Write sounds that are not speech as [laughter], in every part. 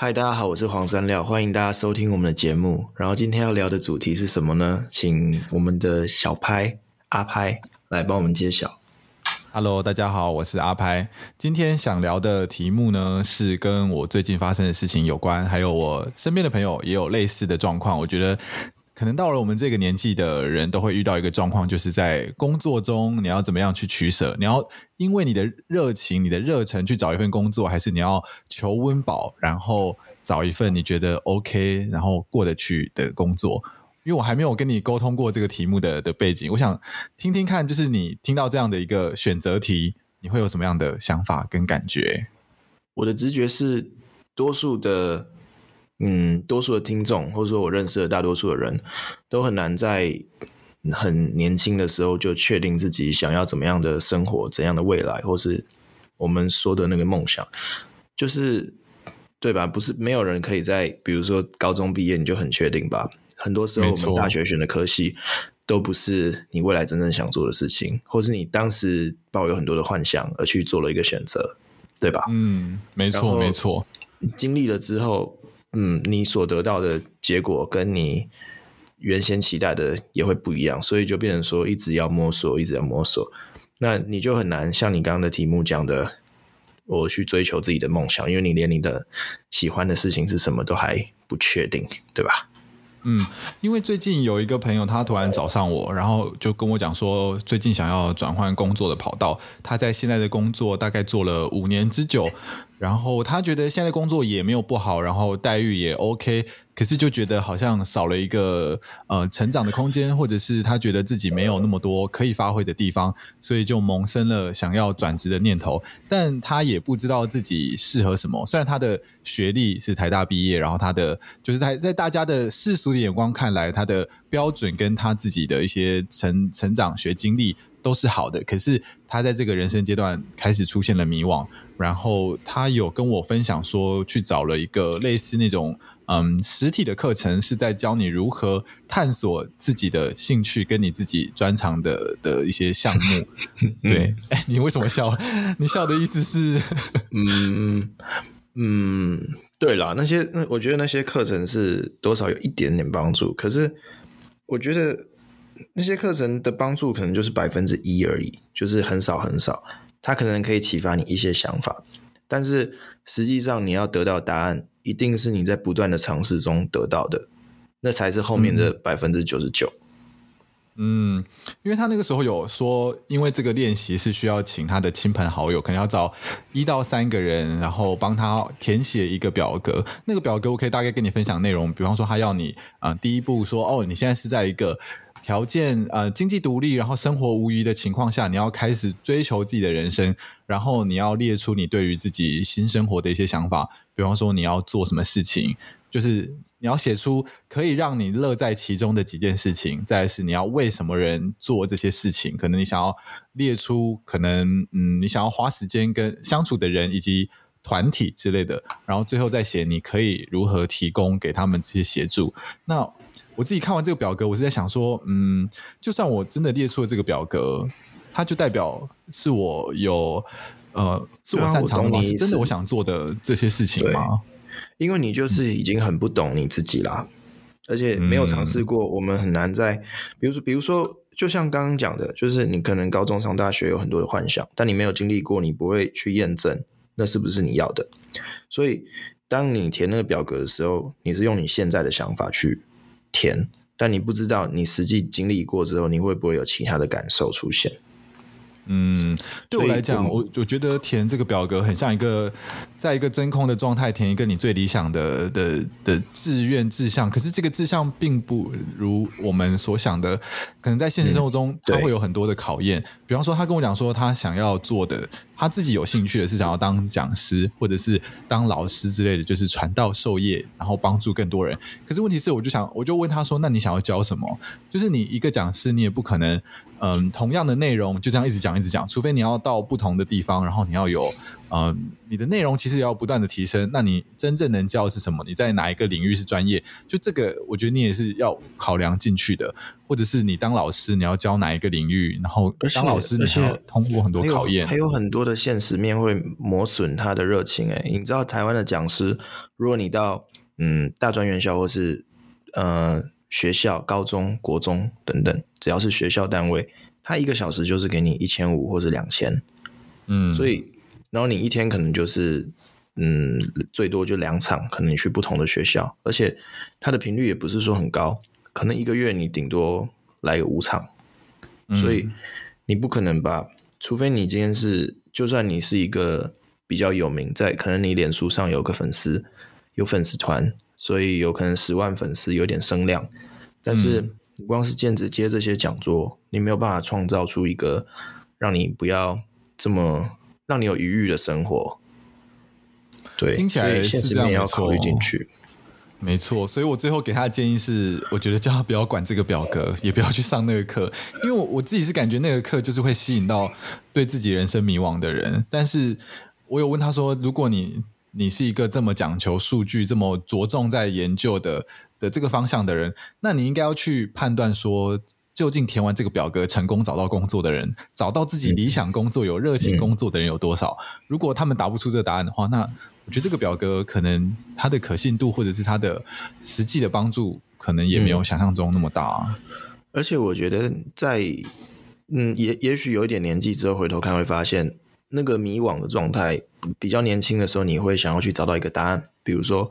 嗨，大家好，我是黃山料，歡迎大家收聽我們的節目。然後今天要聊的主題是什麼呢？請我們的小拍阿拍來幫我們揭曉。Hello，大家好，我是阿拍，今天想聊的題目呢是跟我最近發生的事情有關，還有我身邊的朋友也有類似的狀況，我覺得。可能到了我們這個年紀的人，都會遇到一個狀況，就是在工作中你要怎麼樣去取捨？你要因為你的熱情、你的熱忱去找一份工作，還是你要求溫飽，然後找一份你覺得 OK，然後過得去的工作？因為我還沒有跟你溝通過這個題目的的背景，我想聽聽看，就是你聽到這樣的一個選擇題，你會有什麼樣的想法跟感覺？我的直覺是，多數的。嗯，多數的聽眾，或者說我認識的大多數的人，都很難在很年輕的時候就確定自己想要怎麼樣的生活、怎樣的未來，或是我們說的那個夢想，就是對吧？不是沒有人可以在，比如說高中畢業你就很確定吧？很多時候，我們大學選的科系都不是你未來真正想做的事情，或是你當時抱有很多的幻想而去做了一個選擇，對吧？嗯，沒錯，沒錯，經歷了之後。嗯，你所得到的結果跟你原先期待的也會不一樣，所以就變成說一直要摸索，一直要摸索。那你就很難像你剛剛的題目講的，我去追求自己的夢想，因為你連你的喜歡的事情是什麼都還不確定，對吧？嗯，因為最近有一個朋友，他突然找上我，然後就跟我講說，最近想要轉換工作的跑道。他在現在的工作大概做了五年之久。然後他覺得現在工作也沒有不好，然後待遇也 OK，可是就覺得好像少了一個呃成長的空間，或者是他覺得自己沒有那麼多可以發揮的地方，所以就萌生了想要轉職的念頭。但他也不知道自己適合什麼，雖然他的學歷是台大畢業，然後他的就是在在大家的世俗的眼光看來，他的標準跟他自己的一些成成長學經歷。都是好的，可是他在這個人生階段開始出現了迷惘，然後他有跟我分享說，去找了一個類似那種嗯實體的課程，是在教你如何探索自己的興趣跟你自己專長的的一些項目。 [laughs] 對，哎、 [laughs] 欸，你為什麼笑？你笑的意思是 [laughs] 嗯，嗯嗯，對啦，那些那，我覺得那些課程是多少有一點點幫助，可是我覺得。那些課程的幫助可能就是百分之一而已，就是很少很少。他可能可以啟發你一些想法，但是實際上你要得到答案，一定是你在不斷的嘗試中得到的，那才是後面的百分之九十九。嗯，因為他那個時候有說，因為這個練習是需要請他的親朋好友，可能要找一到三個人，然後幫他填寫一個表格。那個表格我可以大概跟你分享內容，比方說他要你啊、呃，第一步說哦，你現在是在一個。條件呃，經濟獨立，然後生活無虞的情況下，你要開始追求自己的人生，然後你要列出你對於自己新生活的一些想法，比方說你要做什麼事情，就是你要寫出可以讓你樂在其中的幾件事情。再是你要為什麼人做這些事情，可能你想要列出，可能嗯，你想要花時間跟相處的人以及團體之類的，然後最後再寫你可以如何提供給他們這些協助。那我自己看完這個表格，我是在想說，嗯，就算我真的列出了這個表格，它就代表是我有呃，剛剛我是我擅長嗎？是真的，我想做的這些事情嗎？因為你就是已經很不懂你自己啦、嗯，而且沒有嘗試過，我們很難在、嗯，比如說，比如說，就像剛剛講的，就是你可能高中上大學有很多的幻想，但你沒有經歷過，你不會去驗證那是不是你要的。所以，當你填那個表格的時候，你是用你現在的想法去。甜，但你不知道你實際經歷過之後，你會不會有其他的感受出現？嗯，對我來講，我我覺得填這個表格很像一個，在一個真空的狀態填一個你最理想的的的志願志向，可是這個志向並不如我們所想的，可能在現實生活中他會有很多的考驗。嗯、比方說，他跟我講說，他想要做的，他自己有興趣的是想要當講師或者是當老師之類的，就是傳道授業，然後幫助更多人。可是問題是，我就想，我就問他說，那你想要教什麼？就是你一個講師，你也不可能。嗯，同樣的內容就這樣一直講一直講，除非你要到不同的地方，然後你要有，嗯，你的內容其實也要不斷的提升。那你真正能教的是什麼？你在哪一個領域是專業？就這個，我覺得你也是要考量進去的。或者是你當老師，你要教哪一個領域？然後當老師，你要通過很多考驗，還有很多的現實面會磨損他的熱情、欸。哎，你知道台灣的講師，如果你到嗯大專院校或是嗯，呃學校、高中、國中等等，只要是學校單位，他一個小時就是給你一千五或者兩千，嗯，所以，然後你一天可能就是，嗯，最多就兩場，可能你去不同的學校，而且它的頻率也不是說很高，可能一個月你頂多來個五場，嗯，所以你不可能吧？除非你今天是，就算你是一個比較有名，在可能你臉書上有個粉絲，有粉絲團。所以有可能十萬粉絲，有點聲量，嗯、但是你光是兼職接這些講座，你沒有辦法創造出一個讓你不要這麼讓你有餘裕的生活。對，聽起來也是這樣，所以現實面也要考慮進去沒錯。沒錯，所以我最後給他的建議是，我覺得叫他不要管這個表格，也不要去上那個課，因為我，我自己是感覺那個課就是會吸引到對自己人生迷惘的人。但是我有問他說，如果你。你是一個這麼講求數據、這麼着重在研究的的這個方向的人，那你應該要去判斷說，究竟填完這個表格成功找到工作的人，找到自己理想工作、有熱情工作的人有多少、嗯嗯。如果他們答不出這個答案的話，那我覺得這個表格可能它的可信度，或者是它的實際的幫助，可能也沒有想象中那麼大、啊嗯。而且我覺得在，在嗯，也也許有一點年紀之後回頭看，會發現。那個迷惘的狀態，比較年輕的時候，你會想要去找到一個答案。比如說，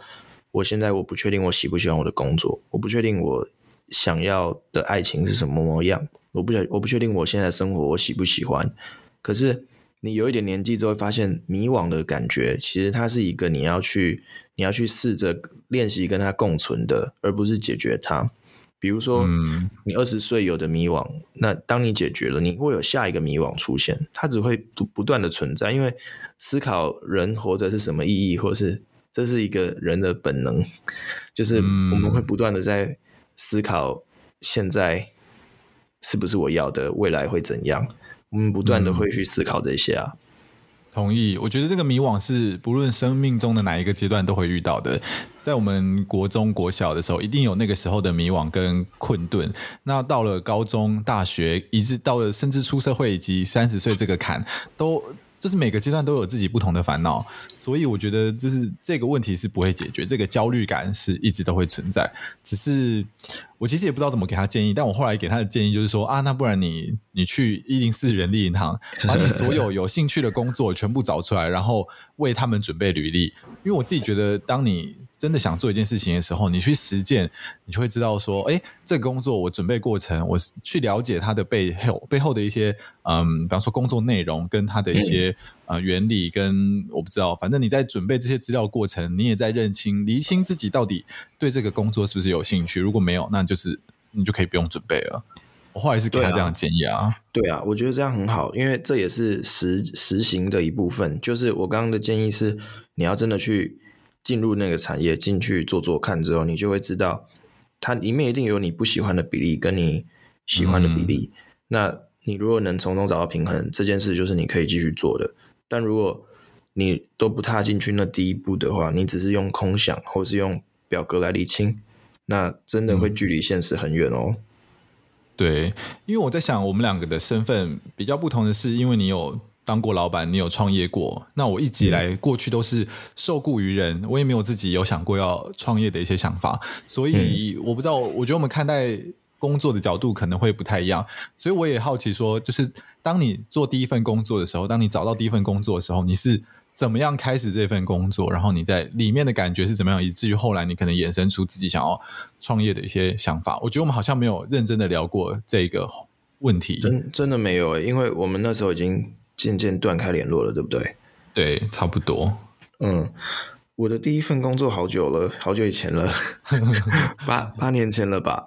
我現在我不確定我喜不喜歡我的工作，我不確定我想要的愛情是什麼模樣，我不我不確定我現在的生活我喜不喜歡。可是，你有一點年紀之後，發現迷惘的感覺，其實它是一個你要去，你要去試着練習跟它共存的，而不是解決它。比如說，你二十歲有的迷惘，嗯，那當你解決了，你會有下一個迷惘出現，它只會不不斷的存在，因為思考人活着是什麼意義，或者是這是一個人的本能，就是我們會不斷的在思考現在是不是我要的，未來會怎樣，我們不斷的會去思考這些啊、嗯。同意，我覺得這個迷惘是不論生命中的哪一個階段都會遇到的。在我們國中、國小的時候，一定有那個時候的迷惘跟困頓。那到了高中、大學，一直到了甚至出社會，以及三十歲這個坎，都就是每個階段都有自己不同的煩惱。所以我覺得，就是這個問題是不會解決，這個焦慮感是一直都會存在。只是我其實也不知道怎麼給他建議，但我後來給他的建議就是說啊，那不然你、你去一零四人力銀行，把你所有有興趣的工作全部找出來，然後為他們準備履歷。因為我自己覺得，當你真的想做一件事情的時候，你去實踐，你就會知道說，哎、欸，這個工作我準備過程，我去了解它的背後背後的一些，嗯，比方說工作內容，跟他的一些、嗯、呃原理，跟我不知道，反正你在準備這些資料過程，你也在認清、理清自己到底對這個工作是不是有興趣。如果沒有，那你就是你就可以不用準備了。我後來是給他這樣建議啊，啊，對啊，我覺得這樣很好，因為這也是實實行的一部分。就是我剛剛的建議是，你要真的去。進入那個產業，進去做做看之後，你就會知道，它裡面一定有你不喜歡的比例跟你喜歡的比例。嗯、那你如果能從中找到平衡，這件事就是你可以繼續做的。但如果你都不踏進去那第一步的話，你只是用空想或是用表格來理清，那真的會距離現實很遠哦、嗯。對，因為我在想，我們兩個的身份比較不同的是，因為你有。當過老闆，你有創業過？那我一直以來過去都是受雇於人，嗯，我也沒有自己有想過要創業的一些想法，所以我不知道。我覺得我們看待工作的角度可能會不太一樣，所以我也好奇說，就是當你做第一份工作的時候，當你找到第一份工作的時候，你是怎麼樣開始這份工作？然後你在裡面的感覺是怎麼樣？以至於後來你可能衍生出自己想要創業的一些想法。我覺得我們好像沒有認真的聊過這個問題，真真的沒有欸，因為我們那時候已經漸漸斷開聯絡了，對不對？對，差不多。嗯，我的第一份工作好久了，好久以前了， [laughs] 八八年前了吧？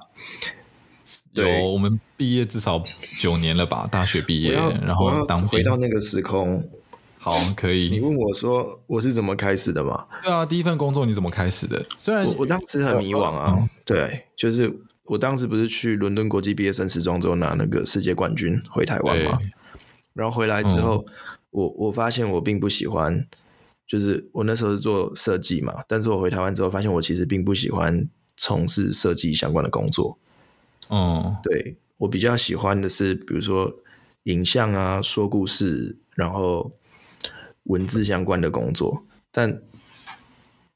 對，我們畢業至少九年了吧？大學畢業，然後當回到那個時空，好，可以。你問我說我是怎麼開始的嗎？對啊，第一份工作你怎麼開始的？雖然我，我當時很迷惘啊，哦哦，對，就是我當時不是去倫敦國際畢業生時裝週拿那個世界冠軍回台灣嗎？然後回來之後，嗯、我我發現我並不喜歡，就是我那時候是做設計嘛，但是我回台灣之後，發現我其實並不喜歡從事設計相關的工作。哦、嗯，對，我比較喜歡的是，比如說影像啊，說故事，然後文字相關的工作。嗯、但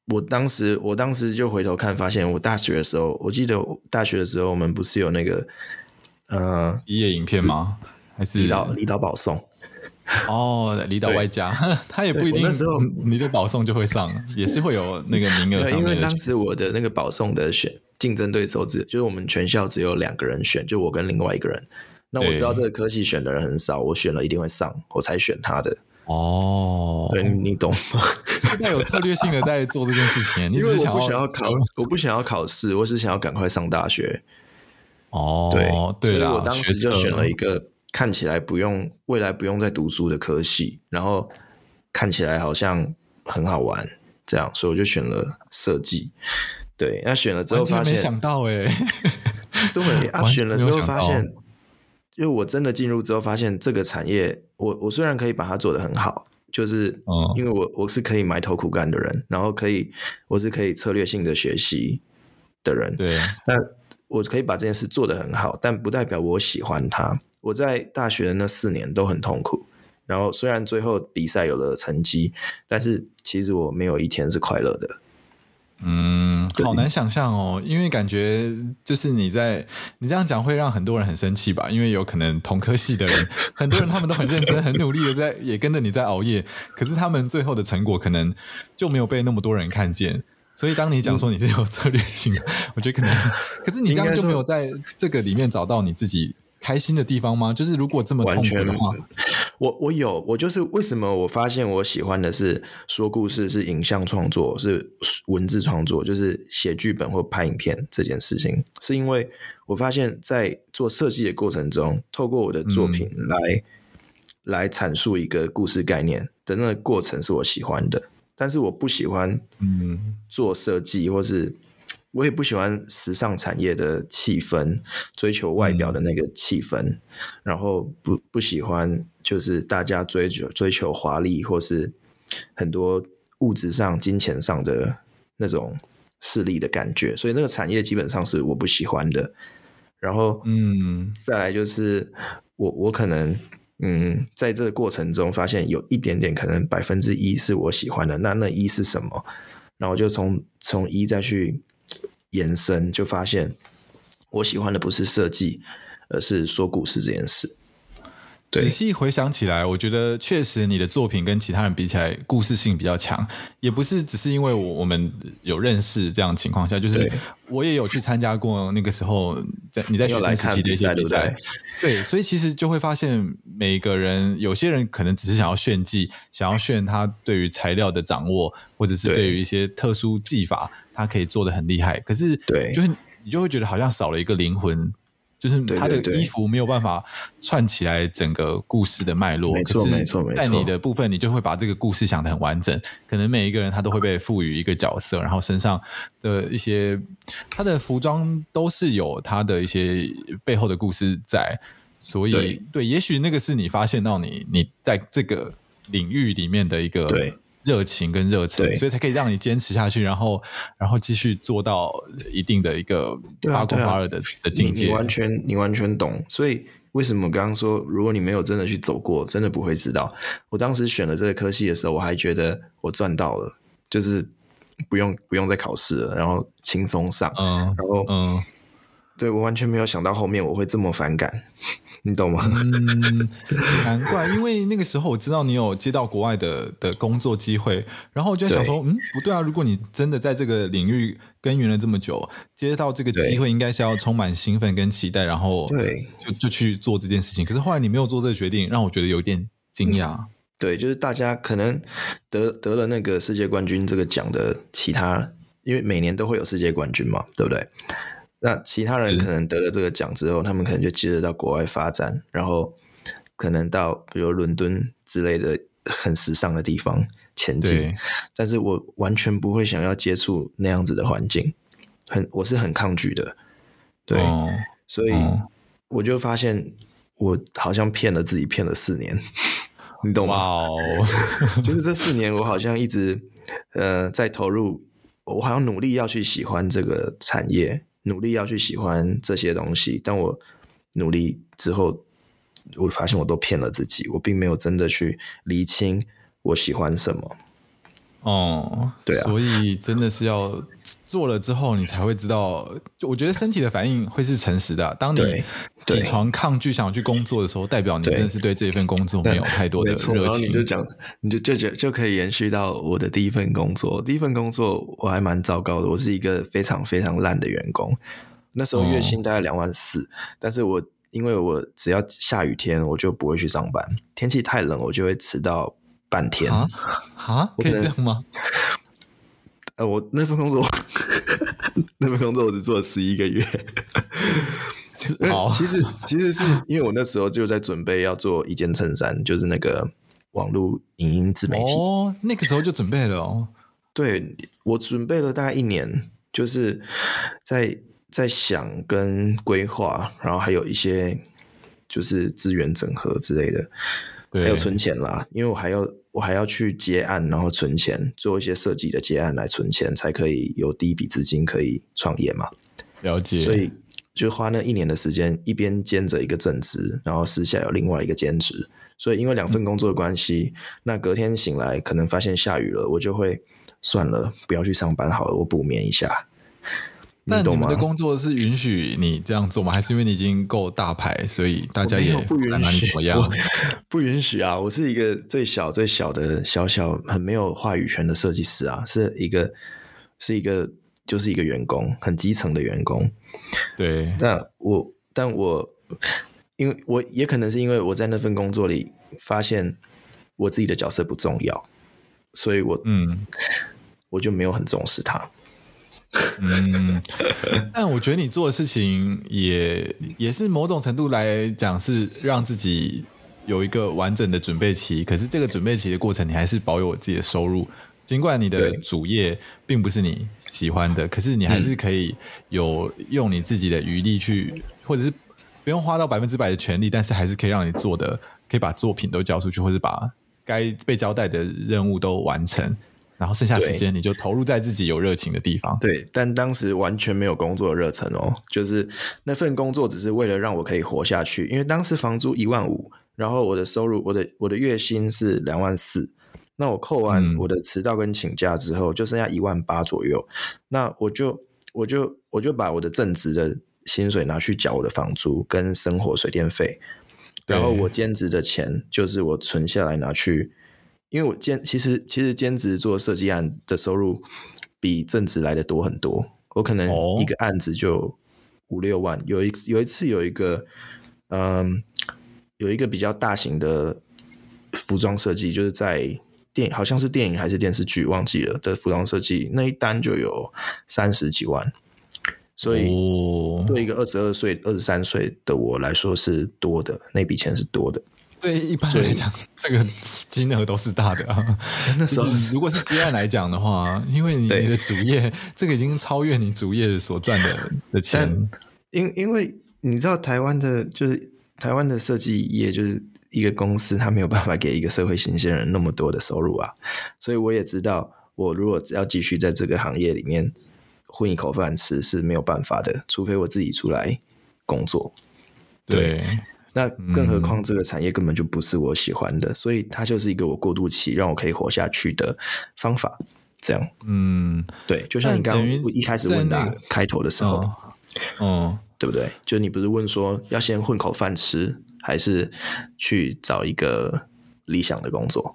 我當時，我當時就回頭看，發現我大學的時候，我記得大學的時候，我們不是有那個呃，一頁影片嗎？還是離島離島保送，哦，離島外加他也不一定那時候、嗯、你的保送就會上，也是會有那個名額上，因為當時我的那個保送的選競爭對手只就是我們全校只有兩個人選，就我跟另外一個人。那我知道這個科系選的人很少，我選了一定會上，我才選他的。哦，對，你懂嗎？是在有策略性的在做這件事情 [laughs] 是想，因為我不想要考，我不想要考試，我只是想要趕快上大學。哦，對對啦，所以我當時就選了一個。看起來不用未來不用再讀書的科系，然後看起來好像很好玩，這樣，所以我就選了設計。對，那、啊、選了之後發現，沒想到都、欸、 [laughs] [laughs] 對啊沒，選了之後發現，因為我真的進入之後發現，這個產業，我我雖然可以把它做得很好，就是，因為我我是可以埋頭苦幹的人，然後可以我是可以策略性的學習的人，對，那我可以把這件事做得很好，但不代表我喜歡它。我在大學的那四年都很痛苦，然後雖然最後比賽有了成績，但是其實我沒有一天是快樂的。嗯，好難想象哦，因為感覺就是你在你這樣講會讓很多人很生氣吧？因為有可能同科系的人， [laughs] 很多人他們都很認真、很努力的在 [laughs] 也跟着你在熬夜，可是他們最後的成果可能就沒有被那麼多人看見，所以當你講說你是有策略性， [laughs] 我覺得可能，可是你剛剛就沒有在這個裡面找到你自己。開心的地方嗎？就是如果這麼痛苦的話，我我有我就是為什麼我發現我喜歡的是說故事、是影像創作、是文字創作，就是寫劇本或拍影片這件事情，是因為我發現，在做設計的過程中，透過我的作品來、嗯、來闡述一個故事概念的那個過程是我喜歡的，但是我不喜歡嗯做設計或是。我也不喜歡時尚產業的氣氛，追求外表的那個氣氛，嗯、然後不不喜歡就是大家追求追求華麗或是很多物質上金錢上的那種勢利的感覺，所以那個產業基本上是我不喜歡的。然後，嗯，再來就是我我可能嗯在這個過程中發現有一點點可能百分之一是我喜歡的，那那一是什麼？然後我就從從一再去。延伸就發現，我喜歡的不是設計，而是說故事這件事。對，仔細一回想起來，我覺得確實你的作品跟其他人比起來，故事性比較強，也不是只是因為我我們有認識這樣的情況下，就是我也有去參加過那個時候在你在學生時期的一些比賽,對比賽對對，對，所以其實就會發現每個人，有些人可能只是想要炫技，想要炫他對於材料的掌握，或者是對於一些特殊技法，他可以做得很厲害，可是對，就是你就會覺得好像少了一個靈魂。就是他的衣服沒有辦法串起來整個故事的脈絡，沒錯沒錯沒錯，可是在你的部分，你就會把這個故事想得很完整。可能每一個人他都會被賦予一個角色，然後身上的一些他的服裝都是有他的一些背後的故事在，所以對，對，也許那個是你發現到你你在這個領域裡面的一個。熱情跟熱忱，所以才可以讓你堅持下去，然後，然後繼續做到一定的一個發光發熱的，對啊對啊，的境界你。你完全，你完全懂，所以為什麼我剛剛說，如果你沒有真的去走過，真的不會知道。我當時選了這個科系的時候，我還覺得我賺到了，就是不用不用再考試了，然後輕鬆上，嗯，然後，嗯，對，我完全沒有想到後面我會這麼反感。你懂嗎？ [laughs] 嗯，難怪，因為那個時候我知道你有接到國外的的工作機會，然後我就想說，嗯，不對啊，如果你真的在這個領域耕耘了這麼久，接到這個機會，應該是要充滿興奮跟期待，然後就，對，就，就去做這件事情。可是後來你沒有做這個決定，讓我覺得有一點驚訝。嗯，對，就是大家可能得得了那個世界冠軍這個獎的其他，因為每年都會有世界冠軍嘛，對不對？那其他人可能得了這個獎之後，他們可能就接着到國外發展，然後可能到比如倫敦之類的很時尚的地方前進。但是我完全不會想要接觸那樣子的環境，很我是很抗拒的。對、哦，所以我就發現我好像騙了自己騙了四年， [laughs] 你懂嗎？哦、 [laughs] [laughs] 就是這四年我好像一直呃在投入，我好像努力要去喜歡這個產業。努力要去喜歡這些東西，但我努力之後，我發現我都騙了自己，我並沒有真的去釐清我喜歡什麼。哦、嗯，對啊，所以真的是要做了之後，你才會知道。我覺得身體的反應會是誠實的。當你起床抗拒想去工作的時候，代表你真的是對這份工作沒有太多的熱情。對對，然後你就講，你就就就就可以延續到我的第一份工作。第一份工作我還蠻糟糕的，我是一個非常非常爛的員工。那時候月薪大概兩萬四，但是我因為我只要下雨天我就不會去上班，天氣太冷我就會遲到。半天啊啊！可，可以這樣嗎？呃，我那份工作， [laughs] 那份工作我只做了十一個月。 [laughs] 好啊，其實其實是因為我那時候就在準備要做一件襯衫，就是那個網絡影音自媒體。哦，那個時候就準備了哦。對，我準備了大概一年，就是在在想跟規劃，然後還有一些就是資源整合之類的。還有存錢啦，因為我還要我還要去接案，然後存錢，做一些設計的接案來存錢，才可以有第一筆資金可以創業嘛。了解。所以就花那一年的時間，一邊兼着一個正職，然後私下有另外一個兼職。所以因為兩份工作的關係，嗯、那隔天醒來可能發現下雨了，我就會算了，不要去上班好了，我補眠一下。那你們的工作是允許你這樣做嗎？還是因為你已經夠大牌，所以大家也不允許你怎麼樣？不允許啊！我是一個最小、最小的、小小很沒有話語權的設計師啊，是一個、是一個，就是一個員工，很基層的員工。對。那我，但我，因為我也可能是因為我在那份工作裡發現我自己的角色不重要，所以我嗯，我就沒有很重視他。嗯，但我覺得你做的事情也也是，某種程度來講是讓自己有一個完整的準備期。可是這個準備期的過程，你還是保有自己的收入。儘管你的主業並不是你喜歡的，可是你還是可以有用你自己的餘力去，嗯，或者是不用花到百分之百的全力，但是還是可以讓你做的，可以把作品都交出去，或是把該被交代的任務都完成。然後剩下時間你就投入在自己有熱情的地方對。對，但當時完全沒有工作的熱忱哦，嗯，就是那份工作只是為了讓我可以活下去，因為當時房租一萬五，然後我的收入，我的我的月薪是兩萬四，那我扣完我的遲到跟請假之後，嗯，就剩下一萬八左右，那我就我就我就把我的正職的薪水拿去繳我的房租跟生活水電費，然後我兼職的錢就是我存下來拿去。因為我兼其實其實兼職做設計案的收入比正職來得多很多，我可能一個案子就五六萬。有一，哦，有一次有一個嗯有一個比較大型的服裝設計，就是在電影好像是電影還是電視劇忘記了的服裝設計，那一單就有三十幾萬，所以對一個二十二歲二十三歲的我來說是多的，那筆錢是多的。對，一般來講，這個金額都是大的。那時候，如果是接案來講的話，因為你的主業，這個已經超越你主業所賺的的錢。因因為你知道，台灣的就是台灣的設計業，就是一個公司，它沒有辦法給一個社會新鮮人那麼多的收入啊。所以我也知道，我如果要繼續在這個行業裡面混一口飯吃是沒有辦法的，除非我自己出來工作。對，對。那更何況這個產業根本就不是我喜歡的，嗯、所以它就是一個我過渡期，讓我可以活下去的方法。這樣，嗯，對，就像你剛剛一開始問的開頭的時候，那個哦，哦，對不對？就你不是問說要先混口飯吃，還是去找一個理想的工作？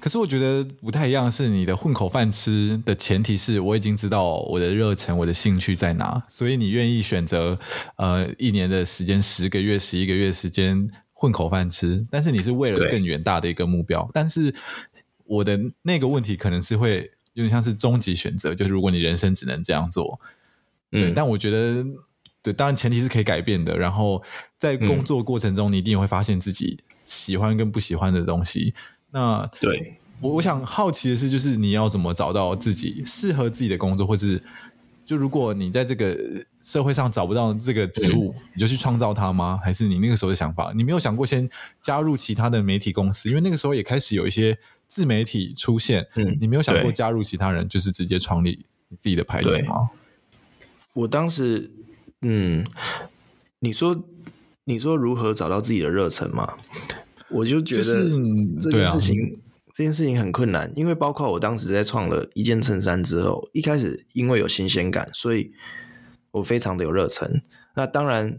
可是我覺得不太一樣，是你的混口飯吃的前提是我已經知道我的熱忱、我的興趣在哪，所以你願意選擇，呃，一年的時間、十個月、十一個月時間混口飯吃，但是你是為了更遠大的一個目標。但是我的那個問題可能是會有點像是終極選擇，就是如果你人生只能這樣做，對？嗯，但我覺得，對，當然前提是可以改變的。然後在工作過程中，你一定會發現自己喜歡跟不喜歡的東西。那對我，我想好奇的是，就是你要怎麼找到自己適合自己的工作，或是就如果你在這個社會上找不到這個職務，你就去創造它嗎？還是你那個時候的想法，你沒有想過先加入其他的媒體公司？因為那個時候也開始有一些自媒體出現，嗯，你沒有想過加入其他人，就是直接創立自己的牌子嗎？我當時，嗯，你說，你說如何找到自己的熱忱嗎？我就覺得這件事情、就是啊，這件事情很困難，因為包括我當時在創了一件襯衫之後，一開始因為有新鮮感，所以我非常的有熱忱。那當然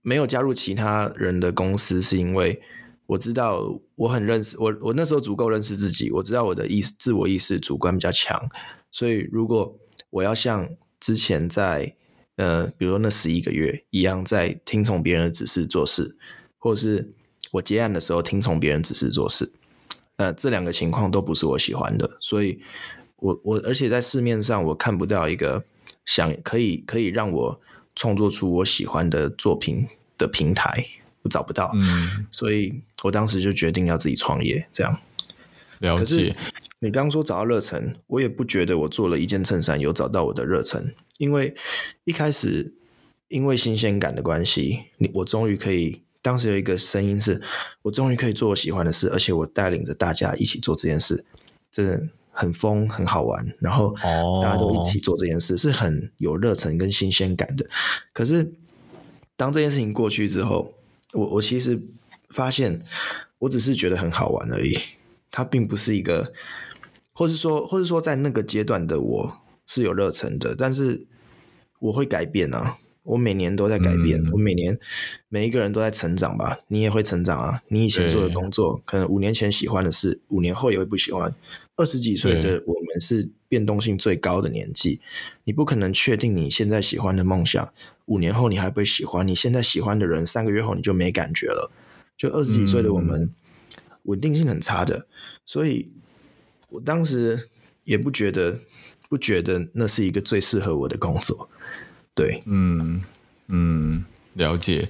沒有加入其他人的公司，是因為我知道我很認識我，我那時候足夠認識自己，我知道我的意識、自我意識主觀比較強，所以如果我要像之前在呃，比如說那十一個月一樣，在聽從別人的指示做事，或是。我接案的時候聽從別人指示做事，呃，這兩個情況都不是我喜歡的，所以我，我我而且在市面上我看不到一個想可以可以讓我創作出我喜歡的作品的平台，我找不到，嗯。所以我當時就決定要自己創業，這樣。了解，可是你剛剛說找到熱忱，我也不覺得我做了一件襯衫有找到我的熱忱，因為一開始因為新鮮感的關係，你我終於可以。當時有一個聲音是：我終於可以做我喜歡的事，而且我帶領着大家一起做這件事，真的很瘋，很好玩。然後大家都一起做這件事，哦、是很有熱忱跟新鮮感的。可是當這件事情過去之後，嗯、我我其實發現，我只是覺得很好玩而已，它並不是一個，或是說，或是說，在那個階段的我是有熱忱的，但是我會改變啊。我每年都在改變、嗯，我每年每一個人都在成長吧。你也會成長啊。你以前做的工作，可能五年前喜歡的事，五年後也會不喜歡。二十幾歲的我們是變動性最高的年紀，你不可能確定你現在喜歡的夢想，五年後你還會喜歡你現在喜歡的人，三個月後你就沒感覺了。就二十幾歲的我們，穩定性很差的、嗯。所以我當時也不覺得，不覺得那是一個最適合我的工作。對，嗯嗯，了解。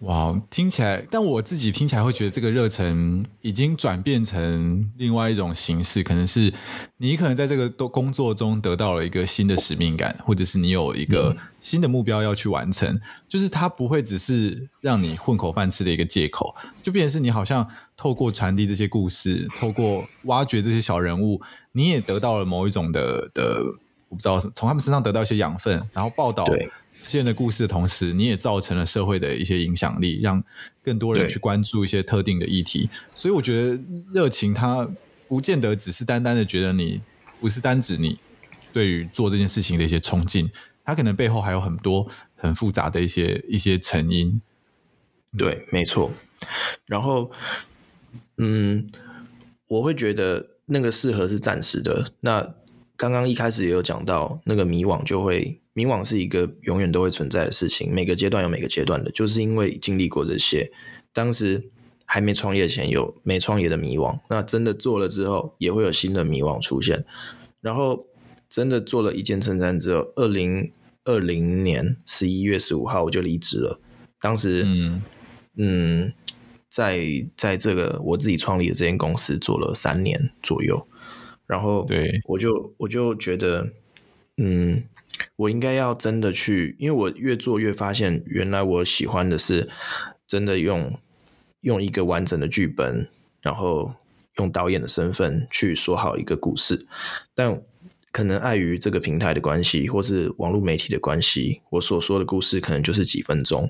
哇，聽起來，但我自己聽起來會覺得這個熱忱已經轉變成另外一種形式，可能是你可能在這個工作中得到了一個新的使命感，或者是你有一個新的目標要去完成，嗯、就是它不會只是讓你混口飯吃的一個借口，就變成是你好像透過傳遞這些故事，透過挖掘這些小人物，你也得到了某一種的的。我不知道從他們身上得到一些養分，然後報道這些人的故事的同時，你也造成了社會的一些影響力，讓更多人去關注一些特定的議題。所以我覺得熱情它不見得只是單單的覺得你，不是單指你對於做這件事情的一些衝勁，它可能背後還有很多很複雜的一些一些成因。對，沒錯。然後，嗯，我會覺得那個適合是暫時的。那剛剛一開始也有講到，那個迷惘就會迷惘是一個永遠都會存在的事情。每個階段有每個階段的，就是因為經歷過這些，當時還沒創業前有沒創業的迷惘，那真的做了之後也會有新的迷惘出現。然後真的做了一件襯衫之後，二零二零年十一月十五號我就離職了。當時嗯嗯，在在這個我自己創立的這間公司做了三年左右。然後，對我就我就覺得，嗯，我應該要真的去，因為我越做越發現，原來我喜歡的是真的用用一個完整的劇本，然後用導演的身份去說好一個故事，但可能礙於這個平台的關係，或是網路媒體的關係，我所說的故事可能就是幾分鐘，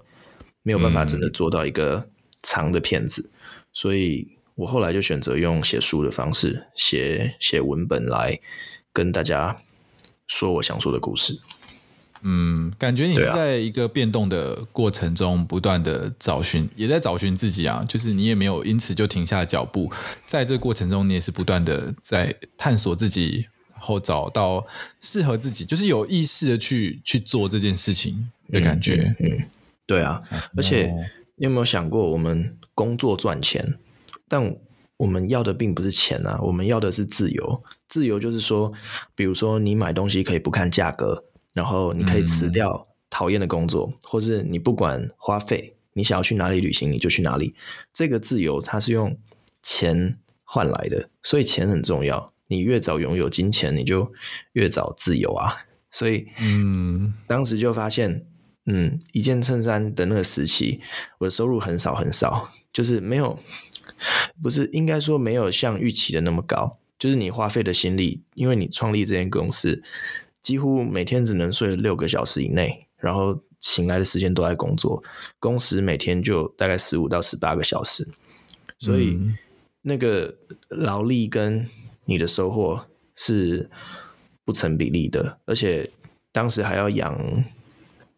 沒有辦法真的做到一個長的片子，嗯、所以。我後來就選擇用寫書的方式，寫寫文本來跟大家說我想說的故事。嗯，感覺你是在一個變動的過程中不斷的找尋、啊，也在找尋自己啊。就是你也沒有因此就停下腳步，在這過程中你也是不斷的在探索自己，然後找到適合自己，就是有意識的去去做這件事情的感覺。嗯，嗯嗯對啊，啊。而且你有沒有想過，我們工作賺錢？但我們要的並不是錢啊，我們要的是自由。自由就是說，比如說你買東西可以不看價格，然後你可以辭掉討厭的工作，嗯，或是你不管花費，你想要去哪裡旅行你就去哪裡。這個自由它是用錢換來的，所以錢很重要。你越早擁有金錢，你就越早自由啊。所以，嗯，當時就發現。嗯，一件襯衫的那個時期，我的收入很少很少，就是沒有，不是應該說沒有像預期的那麼高。就是你花費的心力，因為你創立這間公司，幾乎每天只能睡六個小時以內，然後醒來的時間都在工作，工時每天就大概十五到十八個小時，所以那個勞力跟你的收穫是不成比例的，而且當時還要養。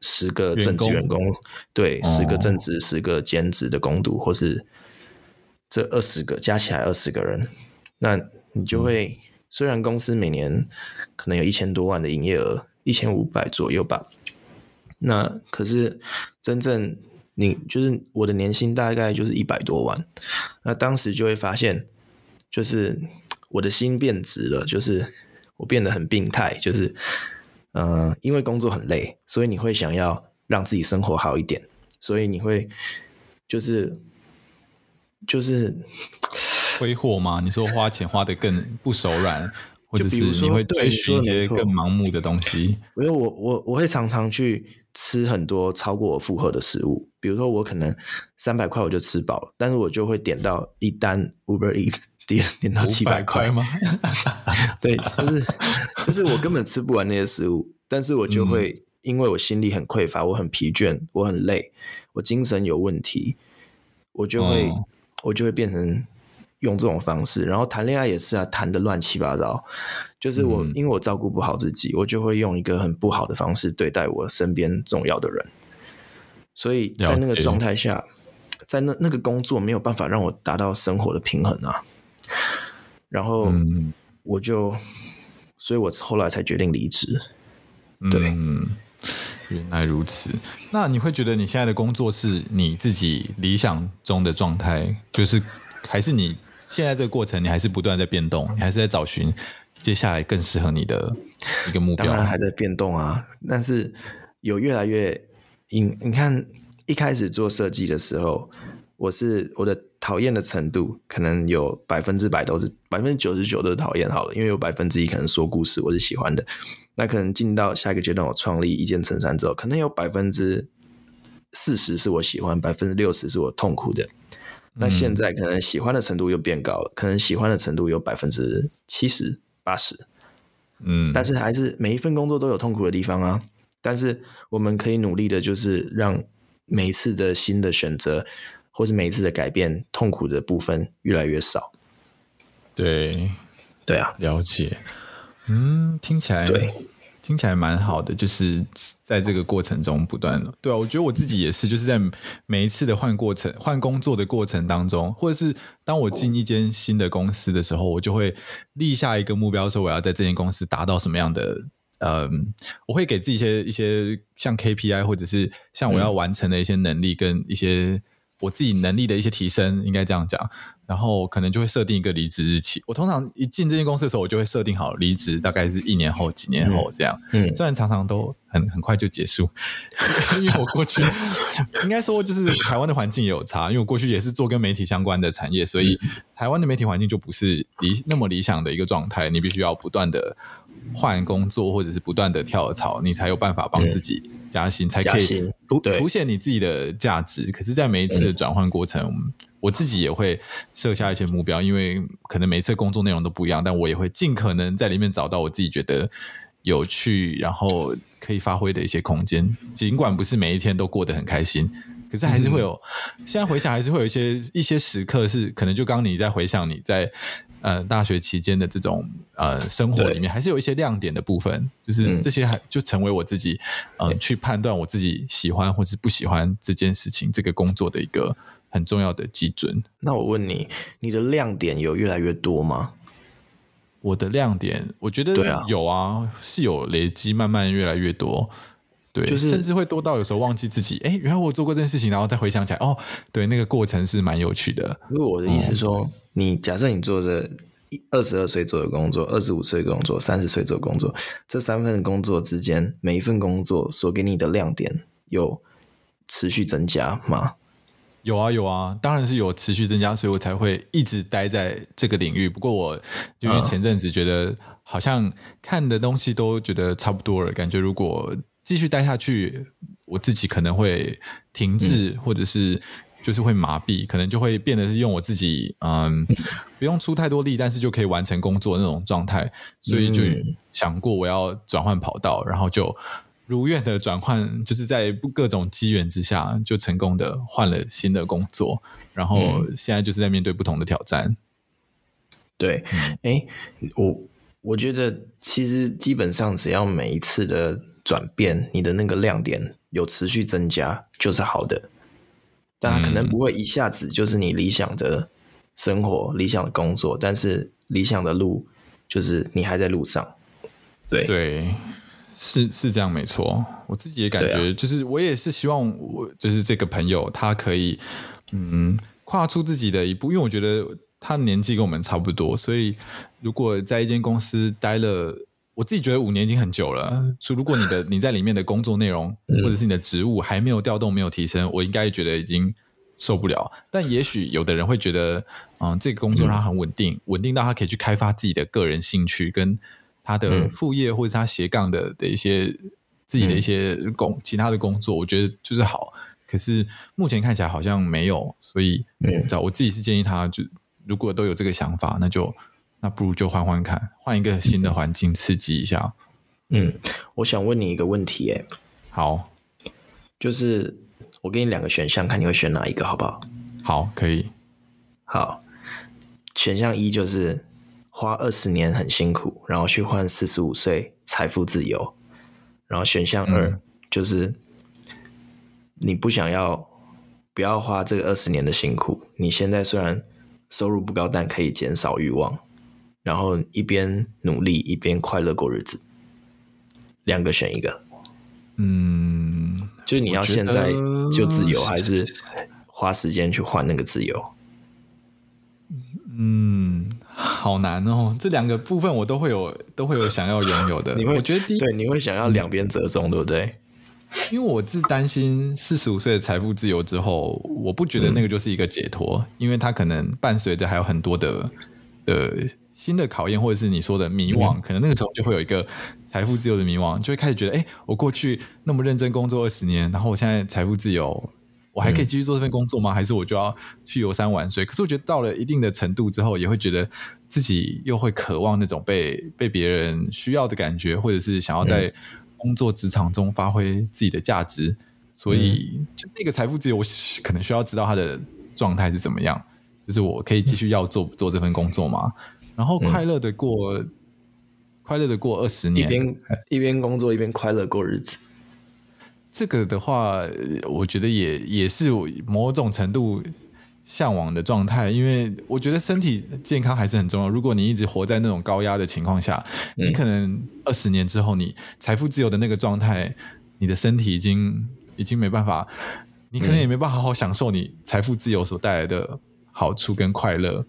十個正職員工，員工對、哦，十個正職，十個兼職的工讀，或是這二十個加起來二十個人，那你就會、嗯，雖然公司每年可能有一千多萬的營業額，一千五百左右吧，那可是真正你就是我的年薪大概就是一百多萬，那當時就會發現，就是我的心變質了，就是我變得很病態，嗯、就是。嗯、呃，因為工作很累，所以你會想要讓自己生活好一點，所以你會就是就是揮霍嘛， [laughs] 你說花錢花得更不手軟，或者是你會對一些更盲目的東西？我覺得我我我會常常去吃很多超過我負荷的食物，比如說我可能三百塊我就吃飽了，但是我就會點到一單 Uber Eats。點點到七百塊嗎？ [laughs] 對，就是就是我根本吃不完那些食物，但是我就會、嗯、因為我心裡很匱乏，我很疲倦，我很累，我精神有問題，我就會、嗯、我就會變成用這種方式，然後談戀愛也是啊，談得亂七八糟。就是我、嗯、因為我照顧不好自己，我就會用一個很不好的方式對待我身邊重要的人，所以在那個狀態下，在那那個工作沒有辦法讓我達到生活的平衡啊。然後我就、嗯，所以我後來才決定離職。對、嗯，原來如此。那你會覺得你現在的工作是你自己理想中的狀態，就是還是你現在這個過程，你還是不斷在變動，你還是在找尋接下來更適合你的一個目標？當然還在變動啊，但是有越來越，你你看，一開始做設計的時候，我是我的。討厭的程度可能有百分之百都是百分之九十九都是討厭好了，因為有百分之一可能說故事我是喜歡的，那可能進到下一個階段，我創立一件襯衫之後，可能有百分之四十是我喜歡，百分之六十是我痛苦的。那現在可能喜歡的程度又變高了，嗯，可能喜歡的程度有百分之七十八十，嗯，但是還是每一份工作都有痛苦的地方啊。但是我們可以努力的，就是讓每一次的新的選擇。或是每一次的改變，痛苦的部分越來越少。對，對啊，了解。嗯，聽起來聽起來蠻好的。就是在這個過程中，不斷對啊，我覺得我自己也是，就是在每一次的換過程、換工作的過程當中，或者是當我進一間新的公司的時候，我就會立下一個目標，說我要在這間公司達到什麼樣的。嗯、呃，我會給自己一些一些像 KPI，或者是像我要完成的一些能力跟一些。嗯我自己能力的一些提升，應該這樣講，然後可能就會設定一個離職日期。我通常一進這間公司的時候，我就會設定好離職，大概是一年後、幾年後這樣。嗯嗯、雖然常常都很很快就結束，因為我過去 [laughs] 應該說就是台灣的環境也有差，因為我過去也是做跟媒體相關的產業，嗯、所以台灣的媒體環境就不是理那麼理想的一個狀態，你必須要不斷的換工作或者是不斷的跳槽，你才有辦法幫自己加薪，嗯、才可以加薪。凸顯你自己的價值，可是，在每一次的轉換過程，嗯，我自己也會設下一些目標，因為可能每一次工作內容都不一樣，但我也會盡可能在裡面找到我自己覺得有趣，然後可以發揮的一些空間，儘管不是每一天都過得很開心。可是還是會有，現在回想還是會有一些一些時刻是可能就剛你在回想你在呃大學期間的這種呃生活裡面，還是有一些亮點的部分，就是這些就成為我自己呃去判斷我自己喜歡或是不喜歡這件事情、這個工作的一個很重要的基準。那我問你，你的亮點有越來越多嗎？我的亮點，我覺得有啊，是有累積，慢慢越來越多。對，就是甚至會多到有時候忘記自己。哎，原來我做過這件事情，然後再回想起來，哦，對，那個過程是蠻有趣的。如果我的意思說、嗯，你假設你做這二十二歲做的工作，二十五歲工作，三十歲做工作，這三份工作之間，每一份工作所給你的亮點有持續增加嗎？有啊，有啊，當然是有持續增加，所以我才會一直待在這個領域。不過，我就因為前陣子覺得好像看的東西都覺得差不多了，嗯、感覺如果。繼續待下去，我自己可能會停滯、嗯，或者是就是會麻痹，可能就會變得是用我自己，嗯，嗯，不用出太多力，但是就可以完成工作那種狀態。所以就想過我要轉換跑道，然後就如願的轉換，就是在各種機緣之下，就成功的換了新的工作。然後現在就是在面對不同的挑戰。嗯、對，哎、欸，我我覺得其實基本上只要每一次的轉變你的那個亮點有持續增加就是好的，但他可能不會一下子就是你理想的生活、嗯、理想的工作，但是理想的路就是你還在路上。對對，是是這樣，沒錯。我自己也感覺就是，我也是希望我就是這個朋友，他可以嗯跨出自己的一步，因為我覺得他年紀跟我們差不多，所以如果在一間公司待了。我自己覺得五年已經很久了，所以、呃、如果你的你在裡面的工作內容、嗯、或者是你的職務還沒有調動，沒有提升，我應該覺得已經受不了。但也許有的人會覺得，嗯，呃、這個工作它很穩定，穩定到他可以去開發自己的個人興趣，跟他的副業或者他斜槓的的一些自己的一些工、嗯、其他的工作，我覺得就是好。可是目前看起來好像沒有，所以，我知道、嗯、我自己是建議他，就如果都有這個想法，那就。那不如就換換看，換一個新的環境刺激一下。嗯，我想問你一個問題、欸，哎，好，就是我給你兩個選項，看你會選哪一個，好不好？好，可以。好，選項一就是花二十年很辛苦，然後去換四十五歲財富自由。然後選項二、嗯、就是你不想要，不要花這個二十年的辛苦。你現在雖然收入不高，但可以減少慾望。然後一邊努力一邊快樂過日子，兩個選一個。嗯，就是你要現在就自由，還是花時間去換那個自由？嗯，好難哦。 [laughs] 這兩個部分我都會有，都會有想要擁有的。你會覺得第一對，你會想要兩邊折中，嗯、對不對？因為我是擔心四十五歲的財富自由之後，我不覺得那個就是一個解脫，嗯、因為它可能伴隨着還有很多的的。新的考驗，或者是你說的迷惘、嗯，可能那個時候就會有一個財富自由的迷惘，就會開始覺得：哎、欸，我過去那麼認真工作二十年，然後我現在財富自由，我還可以繼續做這份工作嗎？嗯、還是我就要去遊山玩水？可是我覺得到了一定的程度之後，也會覺得自己又會渴望那種被被別人需要的感覺，或者是想要在工作職場中發揮自己的價值、嗯。所以，就那個財富自由，我可能需要知道它的狀態是怎麼樣，就是我可以繼續要做、嗯、做這份工作嗎？然後快樂的過，快樂的過二十年，一邊工作一邊快樂過日子。這個的話，我覺得也也是某種程度嚮往的狀態，因為我覺得身體健康還是很重要。如果你一直活在那種高壓的情況下，你可能二十年之後，你財富自由的那個狀態，你的身體已經已經沒辦法，你可能也沒辦法好好享受你財富自由所帶來的好處跟快樂。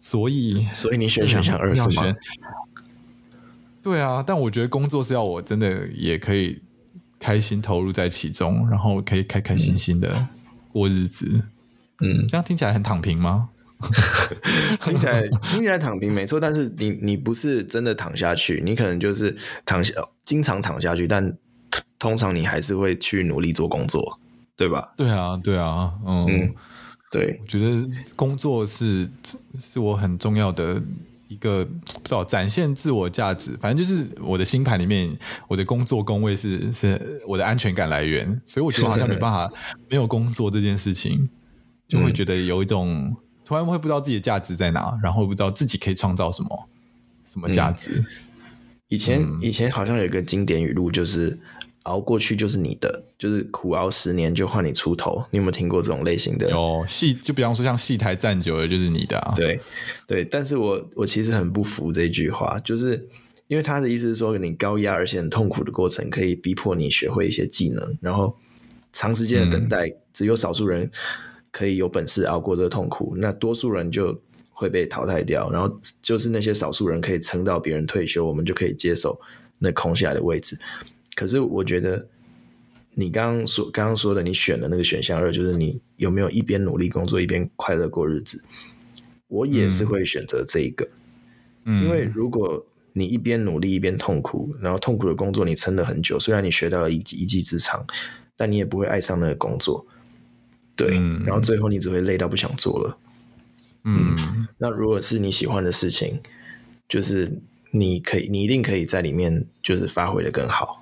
所以，所以你選選想二選嗎？是選，對啊，但我覺得工作是要我真的也可以開心投入在其中，然後可以開開心心的過日子。嗯，嗯，這樣聽起來很躺平嗎？ [laughs] 聽起來聽起來躺平沒錯，但是你你不是真的躺下去，你可能就是躺下，經常躺下去，但通常你還是會去努力做工作，對吧？對啊，對啊，嗯。嗯對，我覺得工作是是我很重要的一個，不知道展現自我價值。反正就是我的星盤裡面，我的工作宮位，是是我的安全感來源，所以我覺得好像沒辦法， [laughs] 沒有工作這件事情，就會覺得有一種、嗯、突然會不知道自己的價值在哪，然後不知道自己可以創造什麼什麼價值。嗯、以前、嗯、以前好像有一個經典語錄就是。熬過去就是你的，就是苦熬十年就換你出頭。你有沒有聽過這種類型的？有戲，就比方說像戲台站久了就是你的啊。對，對。但是我我其實很不服這一句話，就是因為他的意思是說，你高壓而且很痛苦的過程，可以逼迫你學會一些技能，然後長時間的等待，嗯、只有少數人可以有本事熬過這個痛苦，那多數人就會被淘汰掉。然後就是那些少數人可以撐到別人退休，我們就可以接受那空下來的位置。可是我覺得你剛剛，你剛剛說剛剛說的，你選的那個選項二，就是你有沒有一邊努力工作一邊快樂過日子？我也是會選擇這一個，嗯，因為如果你一邊努力一邊痛苦、嗯，然後痛苦的工作你撐了很久，雖然你學到了一一技之長，但你也不會愛上那個工作，對，嗯、然後最後你只會累到不想做了嗯。嗯，那如果是你喜歡的事情，就是你可以，你一定可以在裡面就是發揮的更好。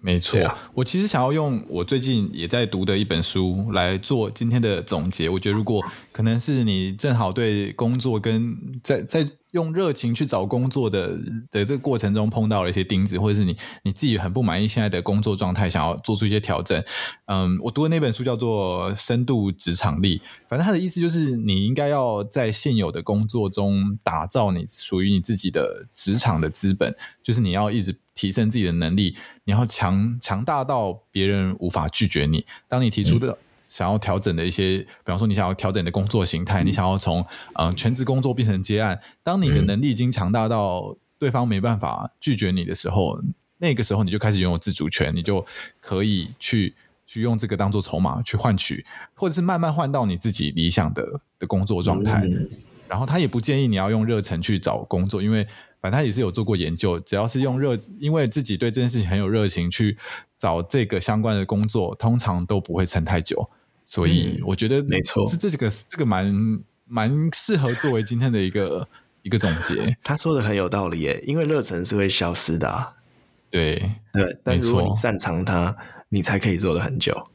沒錯，我其實想要用我最近也在讀的一本書來做今天的總結。我覺得如果可能是你正好對工作跟在在用熱情去找工作的的這個過程中碰到了一些釘子，或者是你你自己很不滿意現在的工作狀態，想要做出一些調整。嗯，我讀的那本書叫做《深度職場力》，反正他的意思就是你應該要在現有的工作中打造你屬於你自己的職場的資本，就是你要一直提升自己的能力，你要強強大到別人無法拒絕你。當你提出的、嗯。想要調整的一些，比方說你想要調整的工作形態、嗯，你想要從嗯、呃、全職工作變成接案。當你的能力已經強大到對方沒辦法拒絕你的時候，那個時候你就開始擁有自主權，你就可以去去用這個當做籌碼去換取，或者是慢慢換到你自己理想的的工作狀態、嗯。然後他也不建議你要用熱忱去找工作，因為。他也是有做過研究，只要是用熱，因為自己對這件事情很有熱情，去找這個相關的工作，通常都不會撐太久。所以我覺得是、這個、沒錯，這這個這個蠻蠻適合作為今天的一個一個總結。他說的很有道理耶，因為熱忱是會消失的、啊，對對，但如果你擅長它，你才可以做得很久。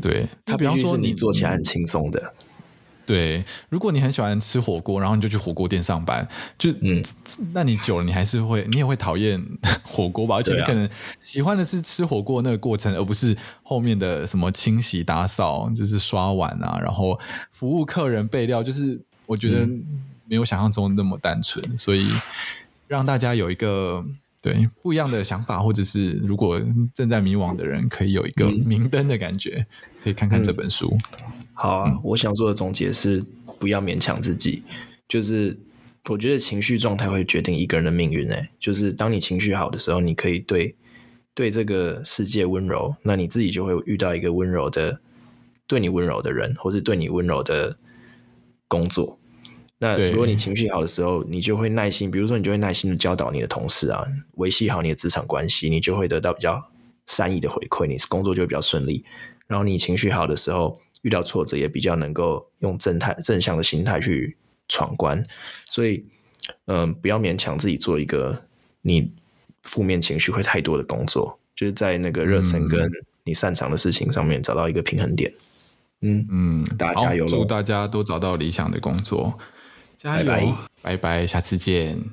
對，他比方說你做起來很輕鬆的。對，如果你很喜歡吃火鍋，然後你就去火鍋店上班，就、嗯、那你久了，你還是會，你也會討厭火鍋吧？而且你可能喜歡的是吃火鍋那個過程、啊，而不是後面的什麼清洗打掃，就是刷碗啊，然後服務客人備料，就是我覺得沒有想象中那麼單純，嗯、所以讓大家有一個。對，不一樣的想法，或者是如果正在迷惘的人，可以有一個明燈的感覺，嗯、可以看看這本書。嗯、好啊、嗯，我想做的總結是，不要勉強自己。就是我覺得情緒狀態會決定一個人的命運、欸。呢，就是當你情緒好的時候，你可以對對這個世界溫柔，那你自己就會遇到一個溫柔的對你溫柔的人，或是對你溫柔的工作。那如果你情緒好的時候，你就會耐心，比如說你就會耐心的教導你的同事啊，維繫好你的職場關係，你就會得到比較善意的回饋，你是工作就會比較順利。然後你情緒好的時候，遇到挫折也比較能夠用正態、正向的心態去闖關。所以，嗯，不要勉強自己做一個你負面情緒會太多的工作，就是在那個熱忱跟你擅長的事情上面找到一個平衡點。嗯嗯，大家加油，嗯嗯，祝大家都找到理想的工作。加油！拜拜，拜拜，下次見。